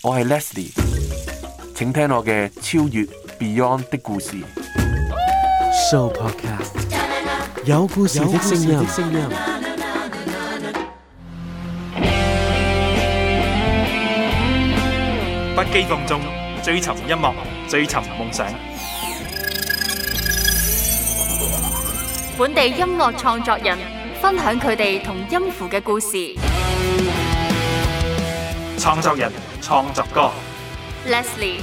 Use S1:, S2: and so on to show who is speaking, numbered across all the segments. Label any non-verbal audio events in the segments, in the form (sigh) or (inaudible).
S1: 我係 Leslie，請聽我嘅超越 Beyond 的故事。
S2: Show Podcast 有故事，有聲音，
S3: 不羈放縱追尋音樂，追尋夢想。
S1: 本地音樂創
S2: 作人分享佢哋同音符嘅故事。
S3: 創作人。
S1: 創作歌，Leslie，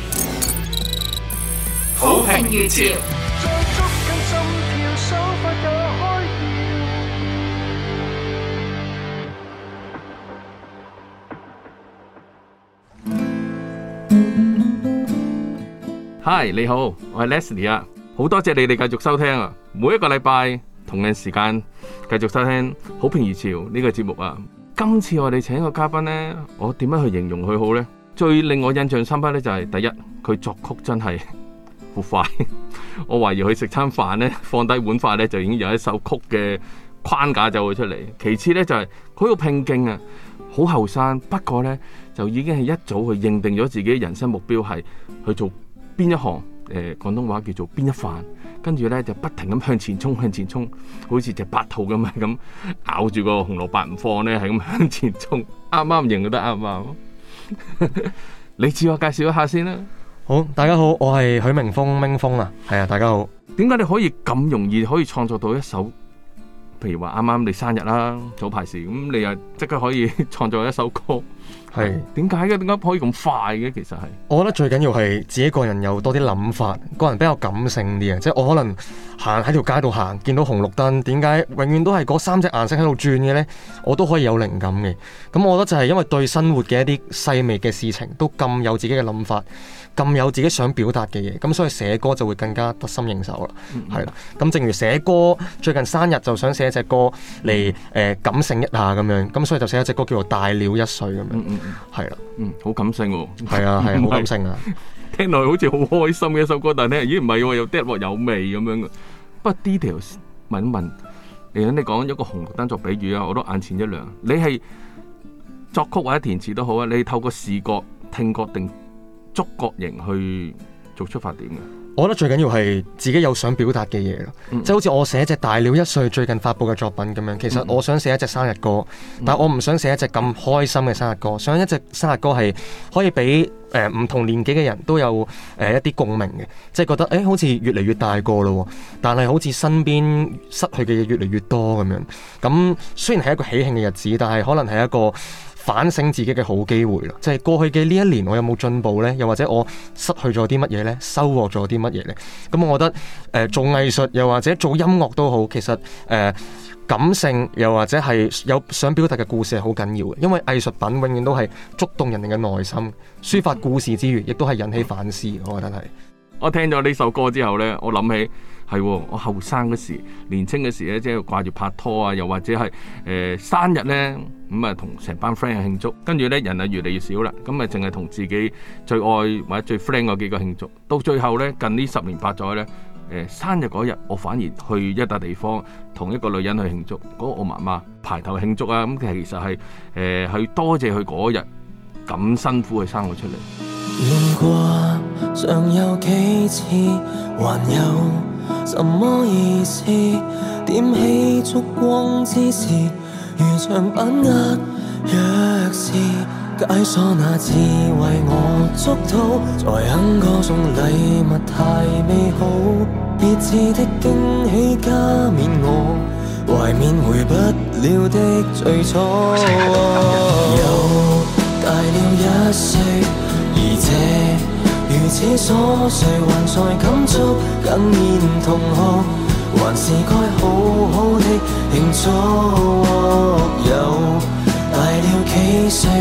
S1: 好評如
S2: 潮。手
S1: Hi，你好，我係 Leslie 啊，好多謝你哋繼續收聽啊，每一個禮拜同樣時間繼續收聽《好評如潮》呢個節目啊。今次我哋請個嘉賓呢，我點樣去形容佢好呢？最令我印象深刻咧，就係、是、第一，佢作曲真係好快， (laughs) 我懷疑佢食餐飯咧，放低碗筷咧，就已經有一首曲嘅框架就會出嚟。其次咧，就係佢個拼勁啊，好後生，不過咧就已經係一早去認定咗自己人生目標係去做邊一行，誒、呃、廣東話叫做邊一飯，跟住咧就不停咁向，向前衝，向前衝，好似隻白兔咁樣咁咬住個紅蘿蔔唔放咧，係咁向前衝，啱啱認得啱啱。 (laughs) 你自我介紹一下先啦。好，大家好，我係許明峰，明峰啊，係啊，大家好。點解你可以咁容易可以創作到一首？譬如話啱啱你生日啦，早排時咁，你又即刻可以創 (laughs) 作一首歌。係，點解嘅？點解可以咁快嘅？其實係，
S3: 我覺得最緊要係自己個人有多啲諗法，個人比較感性啲嘅，即係我可能行喺條街度行，見到紅綠燈，點解永遠都係嗰三隻顏色喺度轉嘅呢？我都可以有靈感嘅。咁我覺得就係因為對生活嘅一啲細微嘅事情都咁有自己嘅諗法。咁有自己想表達嘅嘢，咁所以寫歌就會更加得心應手啦，係啦。咁、嗯、正如寫歌，最近生日就想寫一隻歌嚟誒、呃、感性一下咁樣，咁所以就寫一隻歌叫做《大咗一歲》咁、嗯、樣，
S1: 係啦，嗯，好感性喎，係啊，係好感性啊，性啊，聽落去好似好開心嘅一首歌，但係咦唔係喎，又跌有味咁、啊、樣嘅。不過 detail 問一問，你肯你講一個紅綠燈作比喻啊，我都眼前一亮。你係作曲或者填詞都好啊，你透過視覺、聽覺定？觸覺型去做出發點嘅，
S3: 我覺得最緊要係自己有想表達嘅嘢咯，即係、嗯、好似我寫隻大了一歲最近發布嘅作品咁樣，其實我想寫一隻生日歌，嗯、但我唔想寫一隻咁開心嘅生日歌，嗯、想一隻生日歌係可以俾誒唔同年紀嘅人都有誒、呃、一啲共鳴嘅，即、就、係、是、覺得誒、欸、好似越嚟越大個咯，但係好似身邊失去嘅嘢越嚟越多咁樣。咁雖然係一個喜慶嘅日子，但係可能係一個。反省自己嘅好機會啦，即係過去嘅呢一年我有冇進步呢？又或者我失去咗啲乜嘢呢？收穫咗啲乜嘢呢？咁我覺得誒做藝術又或者做音樂都好，其實誒感性又或者係有想表達嘅故事係好緊要嘅，因為藝術品永遠都係觸動人哋嘅內心，抒發故事之餘，亦都係引起反思。我覺得係。
S1: 我聽咗呢首歌之後呢，我諗起。係我後生嗰時，年青嘅時咧，即係掛住拍拖啊，又或者係誒、呃、生日咧，咁啊同成班 friend 去慶祝，跟住咧人啊越嚟越少啦，咁啊淨係同自己最愛或者最 friend 嗰幾個慶祝。到最後咧，近呢十年八載咧，誒、呃、生日嗰日我反而去一笪地方，同一個女人去慶祝，嗰、那個我媽媽排頭慶祝啊！咁、嗯、其實係誒去多謝佢嗰日咁辛苦去生我出嚟。
S2: 如果有幾次？還有什麼意思？點起燭光之時如像把握，若是解鎖那次為我祝禱，才肯歌頌禮物太美好，熱熾的驚喜加冕我，懷緬回不了的最初。又大了一歲。如此瑣碎，誰還在感觸？舊年同學，還是該好好的慶祝。或有大了幾歲，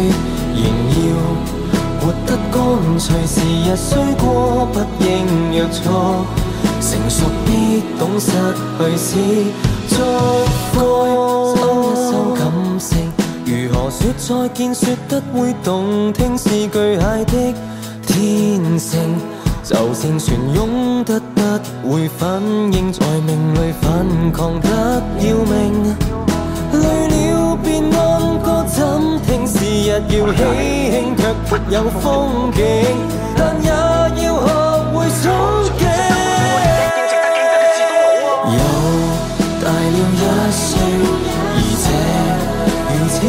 S2: 仍要活得乾脆。時日雖過，不應有錯。成熟必懂失去是祝福。收一收感性。如何説再見，説得會動聽是巨蟹的天性，就算全擁得不會反應，在命裏反抗得要命。累了便安歌暫停，時日要喜慶，卻沒有風景，但也要學會憧憬。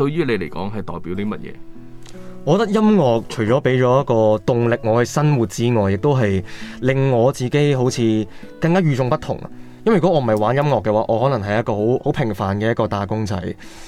S1: 對於你嚟講係代表啲乜嘢？
S3: 我覺得音樂除咗俾咗一個動力我去生活之外，亦都係令我自己好似更加與眾不同。因為如果我唔係玩音樂嘅話，我可能係一個好好平凡嘅一個打工仔，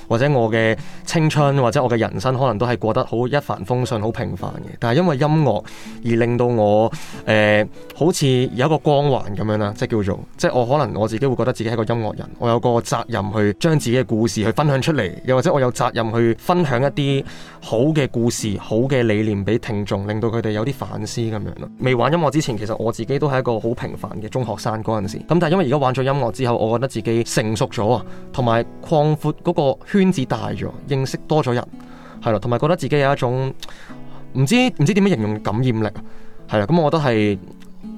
S3: 或者我嘅青春或者我嘅人生可能都係過得好一帆風順、好平凡嘅。但係因為音樂而令到我誒、呃、好似有一個光環咁樣啦，即係叫做即係我可能我自己會覺得自己係一個音樂人，我有個責任去將自己嘅故事去分享出嚟，又或者我有責任去分享一啲好嘅故事、好嘅理念俾聽眾，令到佢哋有啲反思咁樣咯。未玩音樂之前，其實我自己都係一個好平凡嘅中學生嗰陣時。咁但係因為而家。玩咗音樂之後，我覺得自己成熟咗啊，同埋擴闊嗰個圈子大咗，認識多咗人，係啦，同埋覺得自己有一種唔知唔知點樣形容嘅感染力，係啦，咁我覺得係。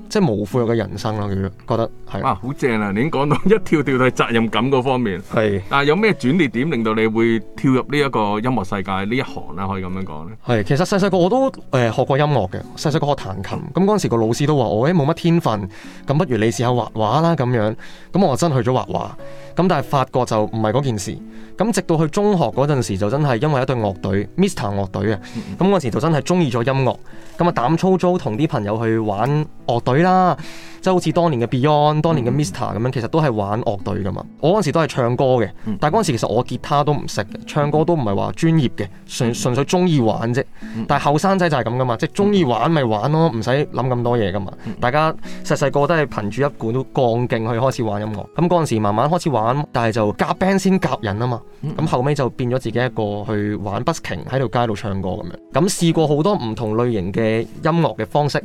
S3: 即係無悔嘅人生咯，其實覺得係啊，
S1: 好正啊！你已經講到一跳跳到責任感嗰方面係。啊的，但有咩轉捩點令到你會跳入呢一個音樂世界呢一行咧？可以咁樣講咧？
S3: 係，其實細細個我都誒、呃、學過音樂嘅，細細個學彈琴。咁嗰陣時個老師都話我誒冇乜天分，咁不如你試下畫畫啦咁樣。咁我真去咗畫畫。咁但係發覺就唔係嗰件事。咁直到去中學嗰陣時，就真係因為一隊樂隊，Mr 樂隊啊。咁嗰陣時就真係中意咗音樂。咁啊膽粗粗同啲朋友去玩樂隊。佢啦、嗯，即係好似當年嘅 Beyond、當年嘅 Mr 咁樣，其實都係玩樂隊噶嘛。我嗰陣時都係唱歌嘅，但係嗰陣時其實我吉他都唔識嘅，唱歌都唔係話專業嘅，純純粹中意玩啫。但係後生仔就係咁噶嘛，即係中意玩咪玩咯，唔使諗咁多嘢噶嘛。大家細細個都係憑住一股鋼勁去開始玩音樂。咁嗰陣時慢慢開始玩，但係就夾 band 先夾人啊嘛。咁後尾就變咗自己一個去玩 busking 喺度街度唱歌咁樣。咁試過好多唔同類型嘅音樂嘅方式。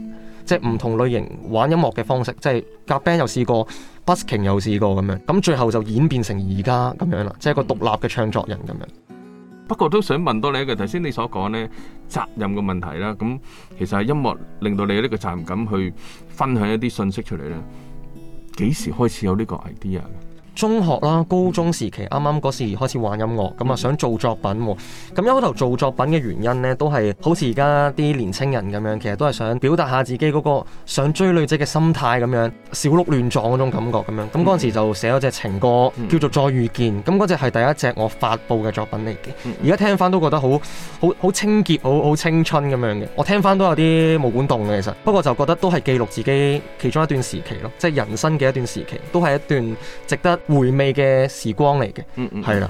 S3: 即係唔同類型玩音樂嘅方式，即係夾 band 又試過 (music) ，busking 又試過咁樣，咁最後就演變成而家咁樣啦，即係一個獨立嘅唱作人咁樣。嗯、
S1: (music) 不過都想問多你一個，頭先你所講呢責任嘅問題啦，咁其實音樂令到你有呢個責任感去分享一啲信息出嚟咧，幾時開始有呢個 idea？
S3: 中學啦，高中時期啱啱嗰時開始玩音樂，咁啊、嗯、想做作品、哦。咁一開頭做作品嘅原因呢，都係好似而家啲年青人咁樣，其實都係想表達下自己嗰個想追女仔嘅心態咁樣，小鹿亂撞嗰種感覺咁樣。咁嗰陣時就寫咗隻情歌，叫做《再遇見》。咁嗰隻係第一隻我發布嘅作品嚟嘅。而家、嗯、聽翻都覺得好好好清潔，好好青春咁樣嘅。我聽翻都有啲冇管動嘅，其實。不過就覺得都係記錄自己其中一段時期咯，即係人生嘅一段時期，都係一段值得。回味嘅時光嚟嘅，
S2: 嗯，嗯，係啦。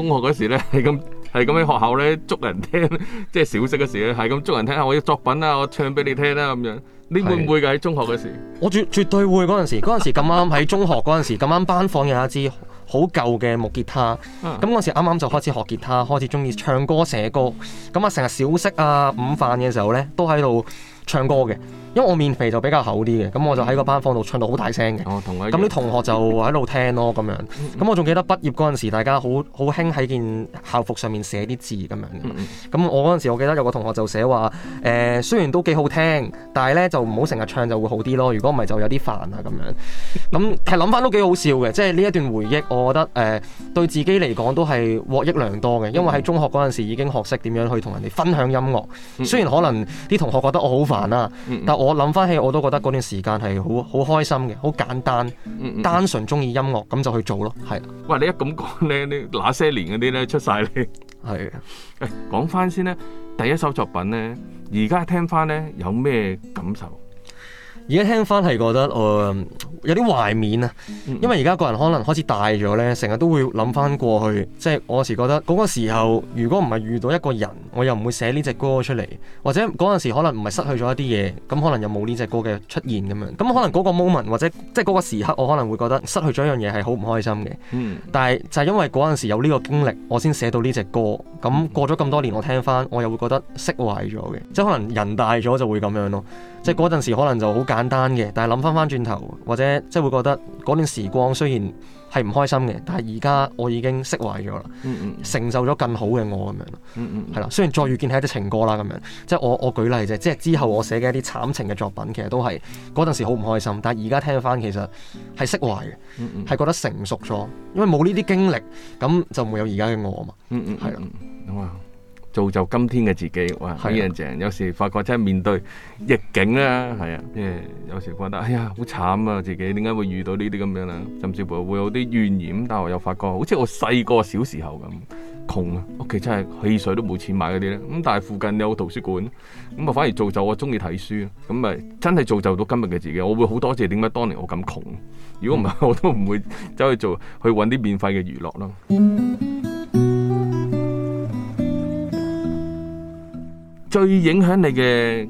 S1: 中學嗰時咧，係咁係咁喺學校咧捉人聽，即係小息嗰時咧，係咁捉人聽下我啲作品啦、啊，我唱俾你聽啦、啊、咁樣。你會唔會喺是中學嗰時，
S3: 我絕絕對會嗰陣時，嗰陣時咁啱喺中學嗰陣時，咁啱班房有一支好舊嘅木吉他，咁嗰陣時啱啱就開始學吉他，開始中意唱歌寫歌，咁啊成日小息啊午飯嘅時候咧都喺度唱歌嘅。因為我面皮就比較厚啲嘅，咁我就喺個班房度唱到好大聲嘅。哦，咁啲、嗯、同學就喺度聽咯，咁樣。咁、嗯嗯嗯、我仲記得畢業嗰陣時，大家好好興喺件校服上面寫啲字咁樣。咁、嗯、我嗰陣時，我記得有個同學就寫話：誒、呃、雖然都幾好聽，但係咧就唔好成日唱就會好啲咯。如果唔係，就有啲煩啊咁樣。咁其實諗翻都幾好笑嘅，即係呢一段回憶，我覺得誒、呃、對自己嚟講都係獲益良多嘅，因為喺中學嗰陣時已經學識點樣去同人哋分享音樂。雖然可能啲同學覺得我好煩啊，我諗翻起，我都覺得嗰段時間係好好開心嘅，好簡單嗯嗯單純，中意音樂咁就去做咯。係，
S1: 喂，你一咁講咧，你那些年嗰啲咧出晒嚟係誒，講翻是、哎、先咧，第一首作品咧，而家聽翻咧有咩感受？而家聽翻係覺得，誒有啲懷
S3: 緬啊！因為而家個人可能開始大咗呢，成日都會諗翻過去，即係我時覺得嗰個時候，如果唔係遇到一個人，我又唔會寫呢隻歌出嚟，或者嗰陣時可能唔係失去咗一啲嘢，咁可能又冇呢隻歌嘅出現咁樣。咁可能嗰個 moment 或者即係嗰個時刻，就是、時刻我可能會覺得失去咗一樣嘢係好唔開心嘅。但係就係因為嗰陣時有呢個經歷，我先寫到呢隻歌。咁過咗咁多年，我聽翻我又會覺得釋懷咗嘅。即係可能人大咗就會咁樣咯。即係嗰陣時可能就好簡單嘅，但係諗翻翻轉頭，或者即係會覺得嗰段時光雖然係唔開心嘅，但係而家我已經釋懷咗啦，承受咗更好嘅我咁樣。嗯係、嗯、啦、嗯。雖然再遇見係一啲情歌啦咁樣，即係我我舉例啫。即係之後我寫嘅一啲慘情嘅作品，其實都係嗰陣時好唔開心，但係而家聽翻其實係釋懷嘅，係、嗯嗯、覺得成熟咗，因為冇呢啲經歷，咁就冇有而家嘅我啊嘛。嗯，嗯
S1: 嗯、係啊的。好啊、嗯。造就今天嘅自己，哇！非常、啊、正。有時發覺真係面對逆境啦，係啊，即係、啊啊、有時覺得哎呀，好慘啊！自己點解會遇到呢啲咁樣啦、啊？甚至乎會有啲怨言，但我又發覺好似我細個小時候咁窮啊，屋企真係汽水都冇錢買嗰啲咧。咁但係附近有圖書館，咁啊反而造就我中意睇書，咁咪真係造就到今日嘅自己。我會好多謝點解當年我咁窮，如果唔係我都唔會走去做去揾啲免費嘅娛樂咯。嗯最影響你嘅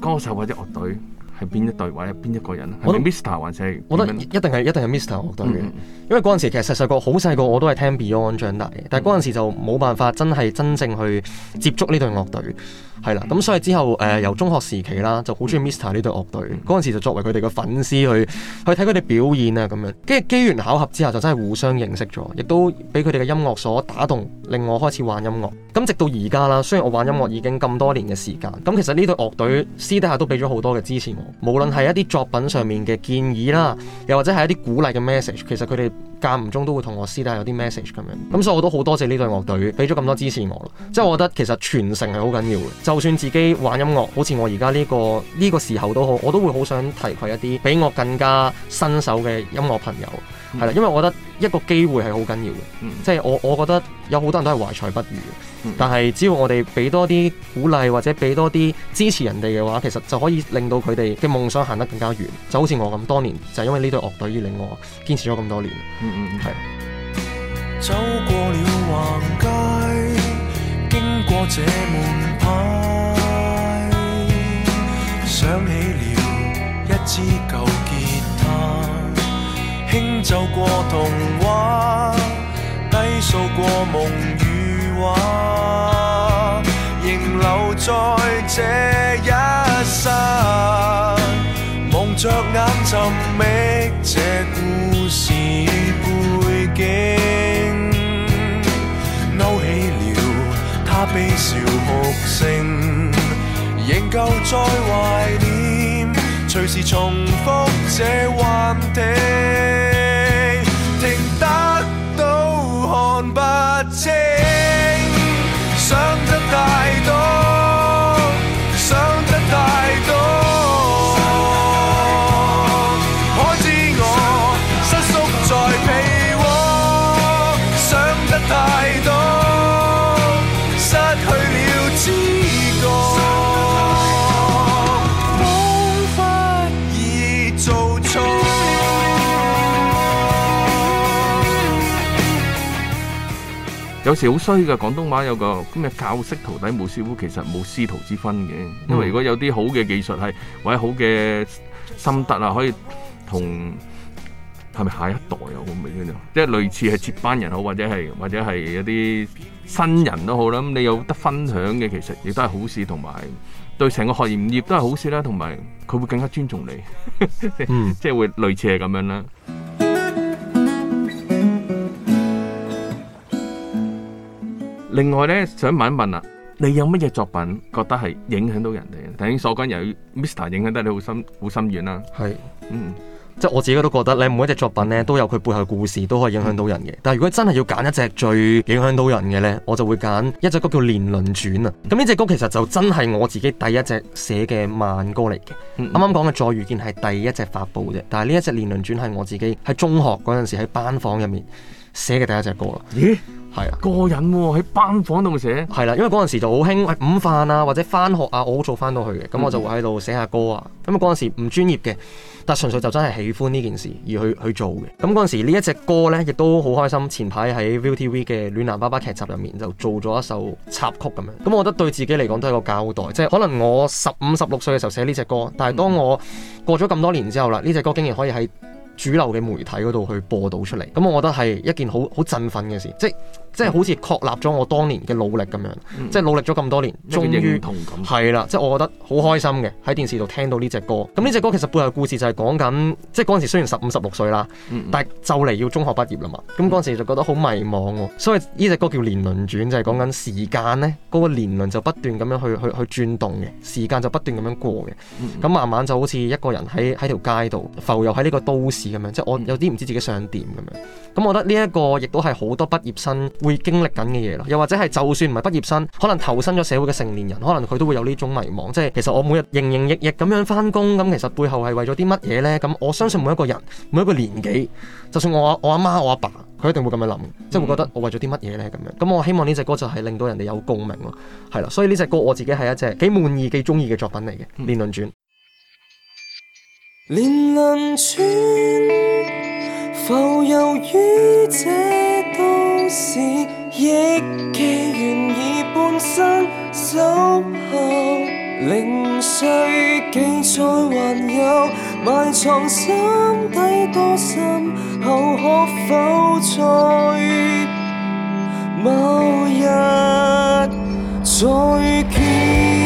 S1: 歌手或者樂隊係邊一隊或者邊一個人？我係 Mr. 還是我覺
S3: 得一定係一定係 Mr. 樂隊嘅，嗯、因為嗰陣時其實細個好細個我都係聽 Beyond 長大嘅，但係嗰陣時就冇辦法真係真正去接觸呢隊樂隊。係啦，咁所以之後誒、呃，由中學時期啦就好中意 Mr. 呢隊樂隊，嗰陣時就作為佢哋嘅粉絲去去睇佢哋表演啊，咁樣，跟住機緣巧合之下就真係互相認識咗，亦都俾佢哋嘅音樂所打動，令我開始玩音樂。咁直到而家啦，雖然我玩音樂已經咁多年嘅時間，咁其實呢隊樂隊私底下都俾咗好多嘅支持我，無論係一啲作品上面嘅建議啦，又或者係一啲鼓勵嘅 message，其實佢哋。間唔中都會同我私底下有啲 message 咁樣，咁所以我都好多謝呢隊樂隊俾咗咁多支持我啦。即係我覺得其實傳承係好緊要嘅，就算自己玩音樂，好似我而家呢個呢個時候都好，我都會好想提攜一啲比我更加新手嘅音樂朋友。係啦，因為我覺得一個機會係好緊要嘅，嗯、即係我我覺得有好多人都係懷才不遇、嗯、但係只要我哋俾多啲鼓勵或者俾多啲支持人哋嘅話，其實就可以令到佢哋嘅夢想行得更加遠，就好似我咁多年就係、是、因為呢隊樂隊而令我堅持咗咁多年。嗯嗯係。
S2: 走過了橫街，經過這門牌，想起了一支舊奏過童話，低訴過夢與話，仍留在這一刹。蒙着眼尋覓這故事背景，勾起了他悲笑哭聲，仍舊在懷念，隨時重複這幻聽。
S1: 少衰嘅廣東話有個咩教識徒弟，冇師傅，其實冇師徒之分嘅。因為如果有啲好嘅技術係，或者好嘅心得啊，可以同係咪下一代又好，唔明嗰啲，即係類似係接班人好，或者係或者係有啲新人都好啦。咁你有得分享嘅，其實亦都係好事，同埋對成個行業都係好事啦。同埋佢會更加尊重你， (laughs) 嗯、即係會類似係咁樣啦。另外咧，想問一問啊，你有乜嘢作品覺得係影響到人哋？頭先所講有 Mr. 影響得你好深好深遠啦、啊。係是，嗯，即係我自己都覺得咧，每一隻
S3: 作品咧都有佢背後故事，都可以影響到人嘅。嗯、但係如果真係要揀一隻最影響到人嘅咧，我就會揀一隻歌叫《年輪轉》啊。咁呢隻歌其實就真係我自己第一隻寫嘅慢歌嚟嘅。啱啱講嘅《再遇見》係第一隻發布啫，但係呢一隻《年輪轉》係我自己喺中學嗰陣時喺班房入面寫嘅第一隻歌啦。咦？係啊，過癮喎、啊！喺
S1: 班房度寫
S3: 係啦、啊，因為嗰陣時就好興，係午飯啊或者返學啊，我好早返到去嘅，咁我就會喺度寫下歌啊。咁啊嗰陣時唔專業嘅，但係純粹就真係喜歡呢件事而去去做嘅。咁嗰陣時呢一隻歌呢，亦都好開心。前排喺 ViuTV 嘅《暖男爸爸》劇集入面就做咗一首插曲咁樣。咁我覺得對自己嚟講都係個交代，即係可能我十五十六歲嘅時候寫呢隻歌，但係當我過咗咁多年之後啦，呢隻、嗯、歌竟然可以喺主流嘅媒體嗰度去播到出嚟，咁我覺得係一件好好振奮嘅事，即即係好似確立咗我當年嘅努力咁樣，嗯、即係努力咗咁多年，終於係啦，即係我覺得好開心嘅。喺電視度聽到呢隻歌，咁呢隻歌其實背後故事就係講緊，即係嗰陣時雖然十五十六歲啦，嗯、但係就嚟要中學畢業啦嘛。咁嗰陣時就覺得好迷茫、哦，所以呢隻歌叫《年輪轉》，就係、是、講緊時間呢，嗰、那個年輪就不斷咁樣去去去，去轉動嘅，時間就不斷咁樣過嘅。咁、嗯、慢慢就好似一個人喺喺條街度浮遊喺呢個都市咁樣，即係我有啲唔知自己想點咁樣。咁我覺得呢一個亦都係好多畢業生，會經歷緊嘅嘢啦，又或者係就算唔係畢業生，可能投身咗社會嘅成年人，可能佢都會有呢種迷茫。即係其實我每日營營役役咁樣翻工，咁其實背後係為咗啲乜嘢呢？咁我相信每一個人，每一個年紀，就算我阿我阿媽、我阿爸，佢一定會咁樣諗，嗯、即係會覺得我為咗啲乜嘢呢？咁樣，咁我希望呢隻歌就係令到人哋有共鳴咯，係啦。所以呢隻歌我自己係一隻幾滿意、幾中意嘅作品嚟嘅《年輪轉》。
S2: 年輪轉，浮游於是憶記願意半生守候，零碎記載還有埋藏心底多深，後可否再某日再見？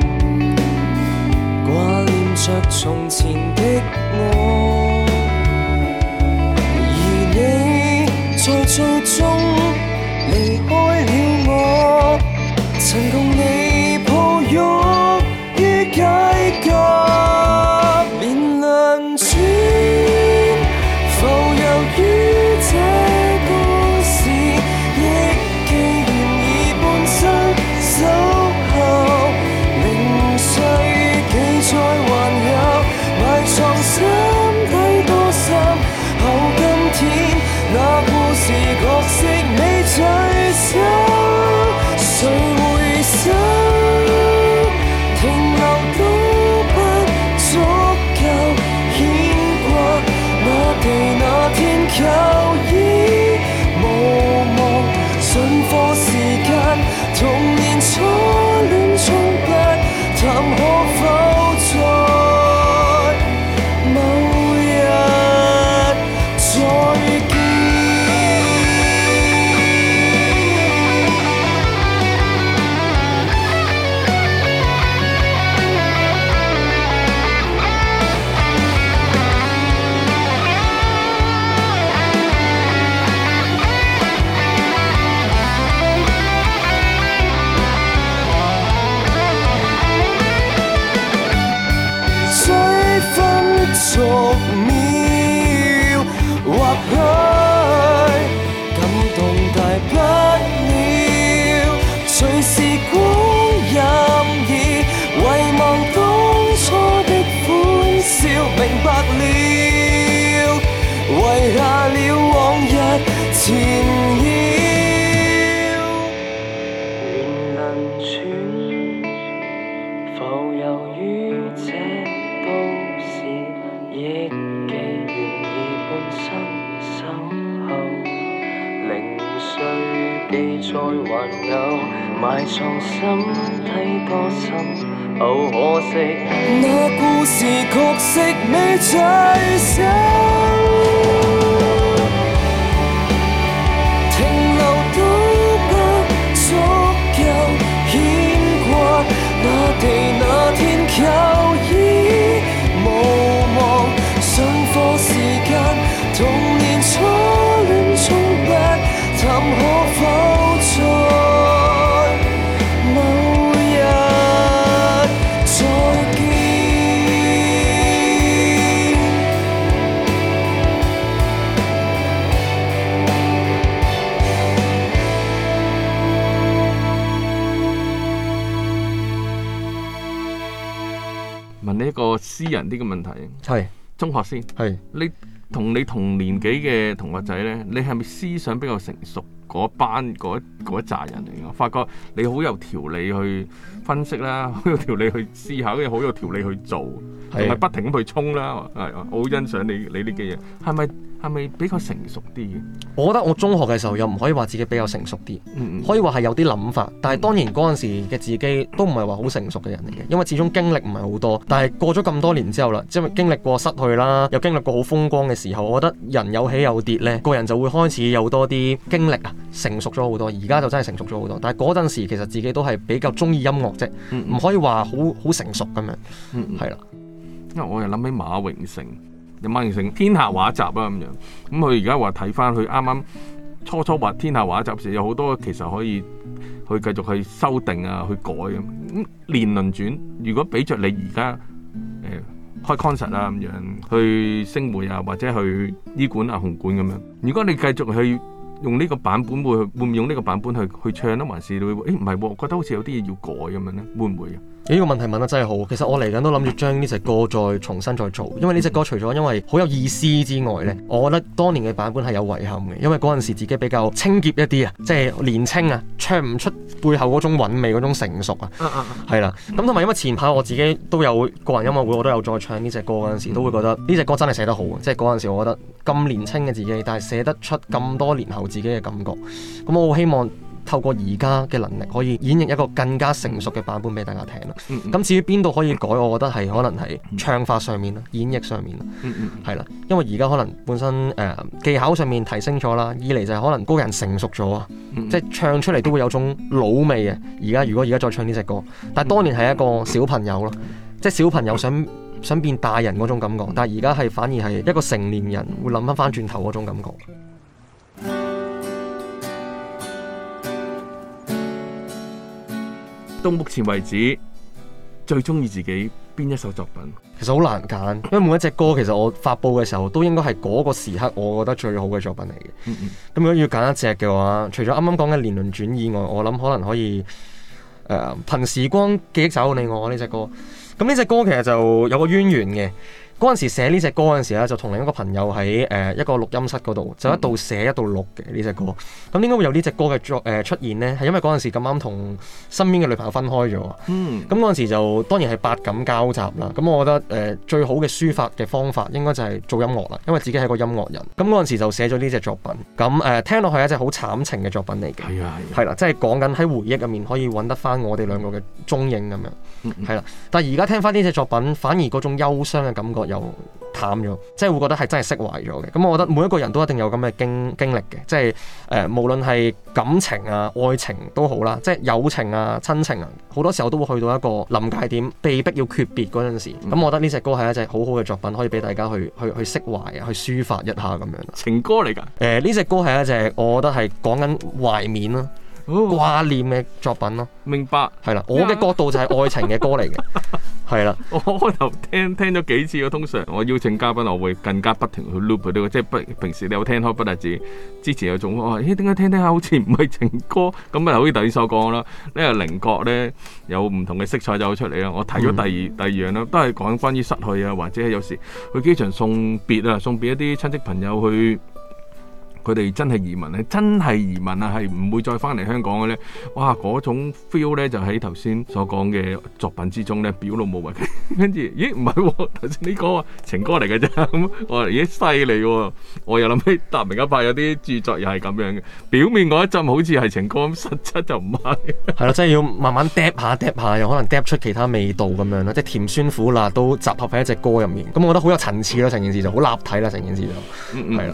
S2: 懷念著從前的我，而你，在最終。
S1: 私人啲嘅問題係是中學先係，是你同你同年紀嘅同學仔咧，你係咪思想比較成熟嗰班嗰一紮人嚟㗎？發覺你好有條理去分析啦，好有條理去思考，跟住好有條理去做，同埋是不停咁去衝啦，係，我好欣賞你你呢啲嘢，係咪？係咪比較成熟啲
S3: 嘅？我覺得我中學嘅時候又唔可以話自己比較成熟啲，可以話係有啲諗法。但係當然嗰陣時嘅自己都唔係話好成熟嘅人嚟嘅，因為始終經歷唔係好多。但係過咗咁多年之後啦，即係經歷過失去啦，又經歷過好風光嘅時候，我覺得人有起有跌呢，個人就會開始有多啲經歷啊，成熟咗好多。而家就真係成熟咗好多。但係嗰陣時其實自己都係比較中意音樂啫，唔可以話好好成熟咁樣。係、嗯嗯、
S1: 啦，因為我又諗起馬榮成。有馬榮成天下畫集啊咁樣，咁佢而家話睇翻佢啱啱初初畫天下畫集時，有好多其實可以去繼續去修訂啊，去改咁、啊。年、嗯、輪轉，如果俾着你而家誒開 concert 啊咁樣，嗯、去星匯啊或者去伊館啊紅館咁、啊、樣，如果你繼續去用呢個版本會去，會會唔用呢個版本去去唱咧、啊，還是會誒唔係喎？覺得好似有啲嘢要改咁樣咧，會唔會、啊？有呢個問題問得真係好，其實我嚟緊都諗住
S3: 將呢隻歌再重新再做，因為呢隻歌除咗因為好有意思之外呢，我覺得當年嘅版本係有遺憾嘅，因為嗰陣時自己比較清潔一啲啊，即係年輕啊，唱唔出背後嗰種韻味嗰種成熟啊，係啦、啊。咁同埋因為前排我自己都有個人音樂會，我都有再唱呢隻歌嗰陣時，嗯、都會覺得呢隻歌真係寫得好，即係嗰陣時我覺得咁年輕嘅自己，但係寫得出咁多年後自己嘅感覺。咁我好希望。透過而家嘅能力，可以演繹一個更加成熟嘅版本俾大家聽啦。咁至於邊度可以改，我覺得係可能係唱法上面啦，演繹上面啦，係啦。因為而家可能本身誒、呃、技巧上面提升咗啦，二嚟就係可能個人成熟咗啊，嗯、即係唱出嚟都會有種老味嘅。而家如果而家再唱呢隻歌，但係當年係一個小朋友咯，即係小朋友想想變大人嗰種感覺，但係而家係反而係一個成年人會諗翻翻轉頭嗰種感
S1: 覺。到目前為止，最中意自己邊一首作品？
S3: 其實好難揀，因為每一隻歌其實我發布嘅時候，都應該係嗰個時刻，我覺得最好嘅作品嚟嘅。
S2: 咁、
S3: 嗯嗯、如果要揀一隻嘅話，除咗啱啱講嘅《年輪轉》以外，我諗可能可以誒、呃《憑時光記憶守你我》呢隻歌。咁呢隻歌其實就有個淵源嘅。嗰陣時寫呢隻歌嗰陣時咧，就同另一個朋友喺誒、呃、一個錄音室嗰度，就一度寫一度錄嘅呢隻歌。咁點解會有呢隻歌嘅作誒、呃、出現呢？係因為嗰陣時咁啱同身邊嘅女朋友分開咗。嗯。咁嗰陣時就當然係百感交集啦。咁我覺得誒、呃、最好嘅抒發嘅方法應該就係做音樂啦，因為自己係個音樂人。咁嗰陣時就寫咗呢隻作品。咁誒、呃、聽落去一隻好慘情嘅作品嚟嘅。係啊啦、啊啊，即係講緊喺回憶入面可以揾得返我哋兩個嘅蹤影咁樣。嗯係啦、啊，但係而家聽返呢隻作品，反而嗰種憂傷嘅感覺，又淡咗，即係會覺得係真係釋懷咗嘅。咁我覺得每一個人都一定有咁嘅經經歷嘅，即係誒、呃，無論係感情啊、愛情都好啦，即係友情啊、親情啊，好多時候都會去到一個臨界點，被逼要訣別嗰陣時。咁、嗯、我覺得呢隻歌係一隻好好嘅作品，可以俾大家去去去釋懷啊，去抒發一下咁樣。情歌嚟噶？誒、呃，呢隻歌係一隻，我覺得係講緊懷緬咯，掛、哦、念嘅作品咯。明白。
S1: 係啦，我嘅角
S3: 度就係愛情嘅歌嚟嘅。 (laughs) (laughs)
S1: 係啦，我開頭聽聽咗幾次咯。通常我邀請嘉賓，我會更加不停去 loop 佢啲，即係不平時你有聽開不單止，之前有種我話，咦，點解聽聽下好似唔係情歌？咁啊，好似第二首講啦，呢個稜角呢有唔同嘅色彩走出嚟啦。我提咗第二第二樣啦，都係講關於失去啊，或者係有時去機場送別啊，送別一啲親戚朋友去。佢哋真係移民咧，真係移民啊，係唔會再翻嚟香港嘅咧。哇，嗰種 feel 咧就喺頭先所講嘅作品之中咧表露無遺。跟住，咦，唔係喎，頭先呢講情歌嚟嘅啫。咁 (laughs) 我話咦，犀利喎！我又諗起達明一派有啲著作又係咁樣嘅，表面嗰一陣好似係情歌咁，實質就唔係。
S3: 係咯，真係要慢慢 d 下 d 下，又可能 d 出其他味道咁樣咯，即係甜酸苦辣都集合喺一隻歌入面。咁我覺得好有層次咯，成件事就好立體啦，成件事就係啦。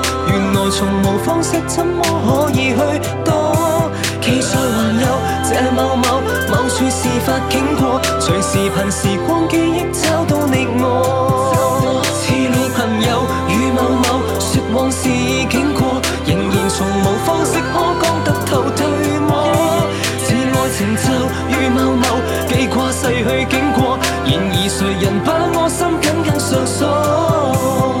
S2: 原來從無方式，怎麼可以去躲？期待還有這某某某處事發經過，隨時憑時光記憶找到你我。似老朋友與某某説往事已經過，仍然從無方式可講得頭對尾。似愛情就與某某記掛逝去經過，然而誰人把我心緊緊上鎖？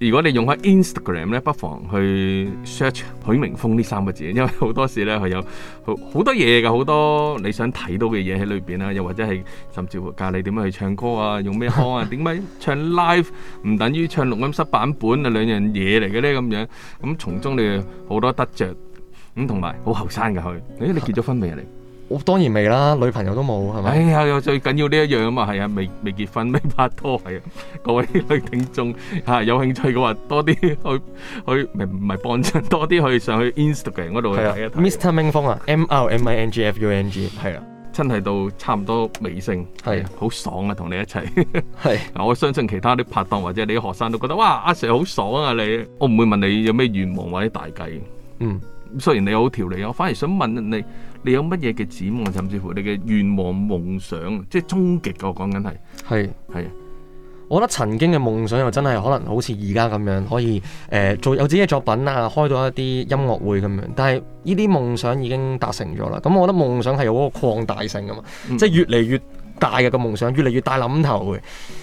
S1: 如果你用喺 Instagram 咧，不妨去 search「許明峰」呢三個字，因為好多時咧佢有好好多嘢嘅，好多你想睇到嘅嘢喺裏邊啦，又或者係甚至乎教你點樣去唱歌啊，用咩腔啊，點解唱 live 唔等於唱錄音室版本啊，兩樣嘢嚟嘅咧咁樣，咁從中你好多得着，咁同埋好後生嘅佢，誒你結咗婚未啊你？我當然未啦，女朋友都冇，係咪？哎呀，最緊要呢一樣啊嘛，係啊，未未結婚，未拍拖，係啊。各位女聽眾嚇有興趣嘅話，多啲去去唔係幫襯，多啲去上去 Instagram 嗰度睇一睇。呀 Mr. Mingfung 啊，M R M I N G F U N G 係啊，真係到差唔多尾聲係啊，好呀爽啊，同你一齊係。 (laughs) 呀我相信其他啲拍檔或者你啲學生都覺得哇，阿 Sir 好爽啊你。我唔會問你有咩願望或者大計，
S2: 嗯。
S1: 雖然你好調理，我反而想問你。你有乜嘢嘅展望，甚至乎你嘅願望、夢想，即係終極。我講緊係，係，係。我覺得
S3: 曾經嘅夢想又真係可能好似而家咁樣，可以誒、呃、做有自己嘅作品啊，開到一啲音樂會咁樣。但係呢啲夢想已經達成咗啦。咁我覺得夢想係有嗰個擴大性噶嘛，嗯、即係越嚟越大嘅個夢想，越嚟越大諗頭嘅。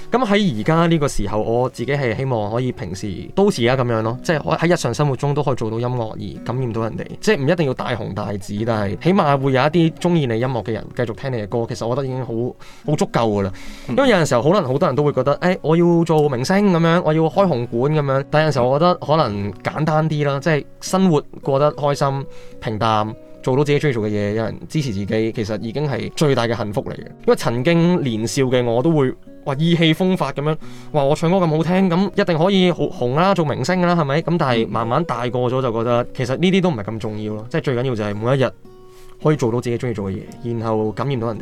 S3: 咁喺而家呢個時候，我自己係希望可以平時都似而家咁樣咯，即係喺日常生活中都可以做到音樂而感染到人哋，即係唔一定要大紅大紫，但係起碼會有一啲中意你音樂嘅人繼續聽你嘅歌。其實我覺得已經好好足夠噶啦，因為有陣時候可能好多人都會覺得誒、欸，我要做明星咁樣，我要開紅館咁樣，但有陣時候我覺得可能簡單啲啦，即係生活過得開心平淡。做到自己中意做嘅嘢，有人支持自己，其實已經係最大嘅幸福嚟嘅。因為曾經年少嘅我都會哇，意氣風發咁樣，話我唱歌咁好聽，咁一定可以好紅啦，做明星啦，係咪？咁但係、嗯、慢慢大過咗就覺得，其實呢啲都唔係咁重要咯。即係最緊要就係每一日可以做到自己中意做嘅嘢，然後感染到人
S1: 哋。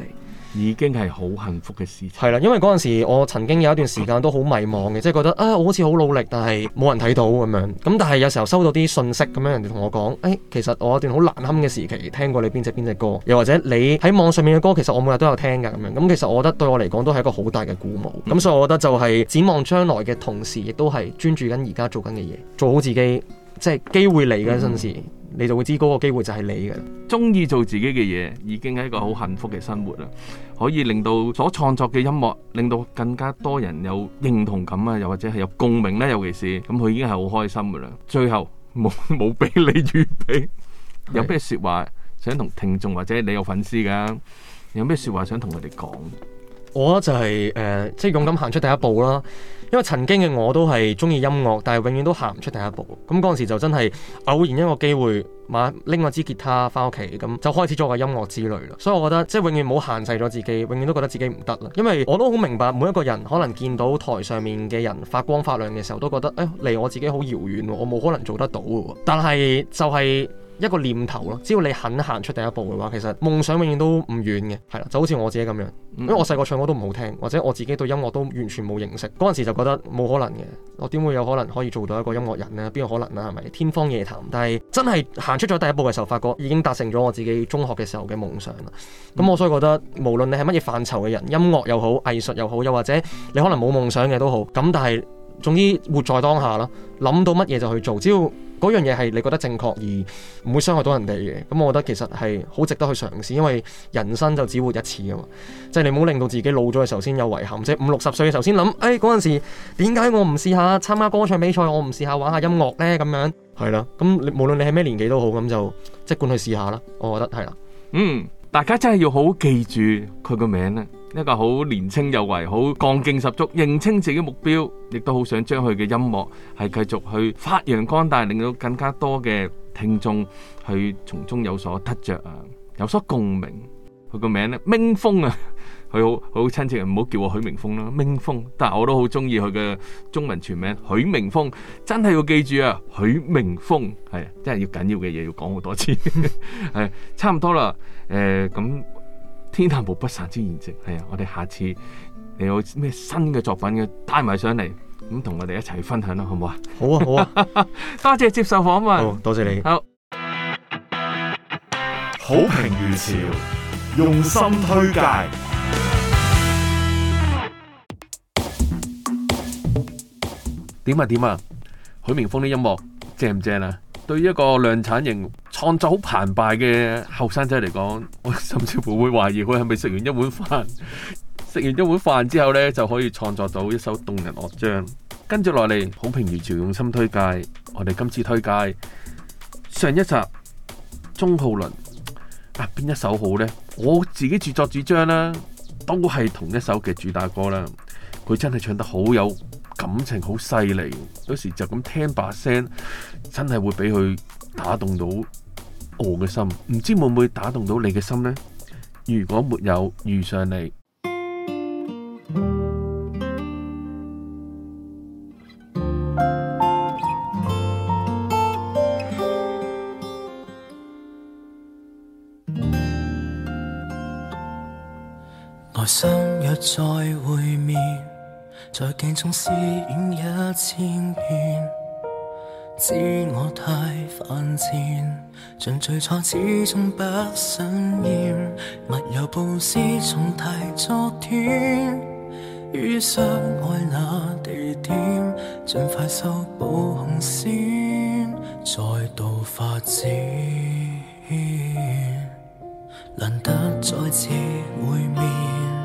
S1: 已經係好幸福嘅事
S3: 情。係啦，因為嗰陣時我曾經有一段時間都好迷茫嘅，即係覺得啊，我好似好努力，但係冇人睇到咁樣。咁但係有時候收到啲信息咁樣，人哋同我講，誒、欸，其實我有一段好難堪嘅時期，聽過你邊隻邊隻歌，又或者你喺網上面嘅歌，其實我每日都有聽㗎咁樣。咁、嗯、其實我覺得對我嚟講都係一個好大嘅鼓舞。咁、嗯、所以我覺得就係展望將來嘅同時，亦都係專注緊而家做緊嘅嘢，做好自己。即係機會嚟嘅嗰陣時。嗯嗯你就會知嗰個機會就係你嘅，
S1: 鍾意做自己嘅嘢已經係一個好幸福嘅生活啦。可以令到所創作嘅音樂令到更加多人有認同感啊，又或者係有共鳴咧。尤其是咁，佢已經係好開心㗎啦。最後，冇冇俾你預備 (laughs) 有咩説話想同聽眾或者你有粉絲噶，有咩説話想同佢哋講？我咧就係、是、誒、呃，即係勇敢行出第一步啦。
S3: 因為曾經嘅我都係中意音樂，但係永遠都行唔出第一步。咁嗰陣時就真係偶然一個機會買拎咗支吉他返屋企，咁就開始咗我音樂之旅啦。所以我覺得即係永遠冇限制咗自己，永遠都覺得自己唔得啦。因為我都好明白每一個人可能見到台上面嘅人發光發亮嘅時候，都覺得誒、哎、離我自己好遙遠，我冇可能做得到嘅。但係就係、是。一個念頭咯，只要你肯行出第一步嘅話，其實夢想永遠都唔遠嘅，係啦，就好似我自己咁樣，因為我細個唱歌都唔好聽，或者我自己對音樂都完全冇認識，嗰陣時就覺得冇可能嘅，我點會有可能可以做到一個音樂人呢？邊個可能啊？係咪天方夜譚？但係真係行出咗第一步嘅時候，發覺已經達成咗我自己中學嘅時候嘅夢想啦。咁我所以覺得，無論你係乜嘢範疇嘅人，音樂又好，藝術又好，又或者你可能冇夢想嘅都好，咁但係總之活在當下啦，諗到乜嘢就去做，只要嗰樣嘢係你覺得正確而唔會傷害到人哋嘅，咁我覺得其實係好值得去嘗試，因為人生就只活一次啊嘛，即係你唔好令到自己老咗嘅時候先有遺憾，即係五六十歲嘅時候先諗，誒嗰陣時點解我唔試下參加歌唱比賽，我唔試下玩下音樂呢？咁樣。係啦，咁你無論你係咩年紀都好，咁就即管去試下啦。我覺得係啦。嗯，大家真係要好好記
S1: 住佢個名咧。一個好年青有為，好，幹勁十足，認清自己目標，亦都好想將佢嘅音樂係繼續去發揚光大，令到更加多嘅聽眾去從中有所得着，啊，有所共鳴。佢個名咧，明峰啊，佢好好親切，唔好叫我許明峰啊啦，明峰。但係我都好中意佢嘅中文全名許明峰，真係要記住啊，許明峰係真係要緊要嘅嘢，要講好多次。係 (laughs) 差唔多啦，誒、呃、咁。天下無不散之筵席，係啊！我哋下次你有咩新嘅作品要帶埋上嚟，咁同我哋一齊分享啦，好唔好啊？好啊， (laughs) 好啊，多謝接受訪問。多謝你。好，好評如潮，用心推介。點啊點啊，許明峰啲音樂正唔正啊？對於一個量產型創作好澎湃嘅後生仔嚟講，我甚至乎會懷疑佢係咪食完一碗飯，食 (laughs) 完一碗飯之後呢，就可以創作到一首動人樂章。跟住落嚟好評如潮，用心推介。我哋今次推介上一集鐘浩倫啊，邊一首好呢？我自己自作主張啦，都係同一首嘅主打歌啦。佢真係唱得好有。感情好犀利，有時就咁聽把聲，真係會俾佢打動到我嘅心。唔知會唔會打動到你嘅心呢？如果沒有遇上你，
S2: 內心若在。在鏡中試演一千遍，知我太犯賤，像最初始終不新鮮。密友布施重提昨天，於相愛那地點，盡快修補紅線，再度發展，難得再次會面。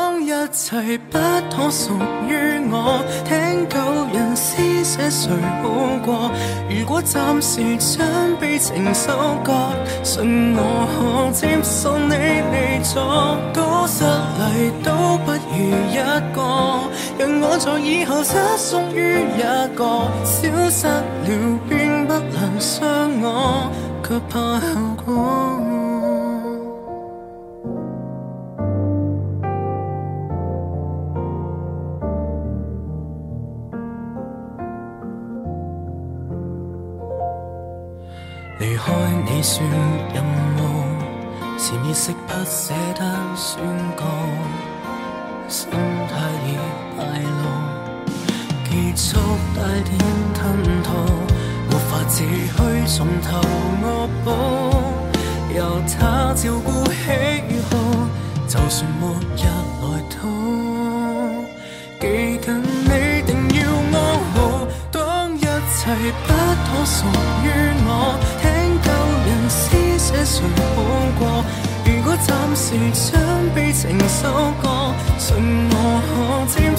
S2: 一切不可屬於我，聽舊人詩寫誰好過？如果暫時將悲情收割，信我可接受你離座。多失禮都不如一個，讓我在以後失屬於一個，消失了便不能傷我，卻怕後果。未算任務，潛意識不捨得宣告，心態已敗露，結束帶點吞吐，沒法子去。從頭惡補，由他照顧喜好，就算末日來到，記緊你定要安好，當一切不妥屬於我。誰好過？如果暫時將悲情收割，信我可。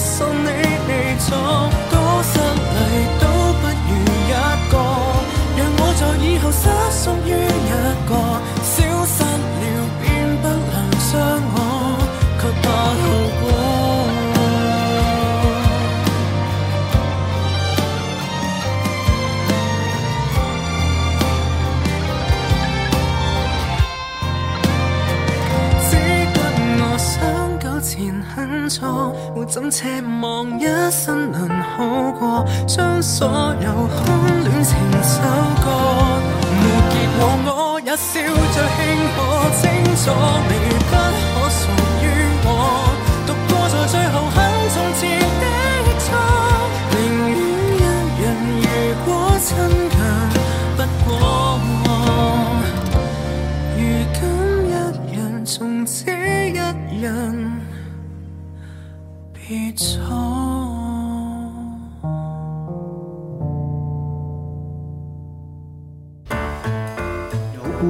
S2: 我怎奢望一生能好過，將所有空戀情收割。沒結果，我也笑着輕賀，清楚你。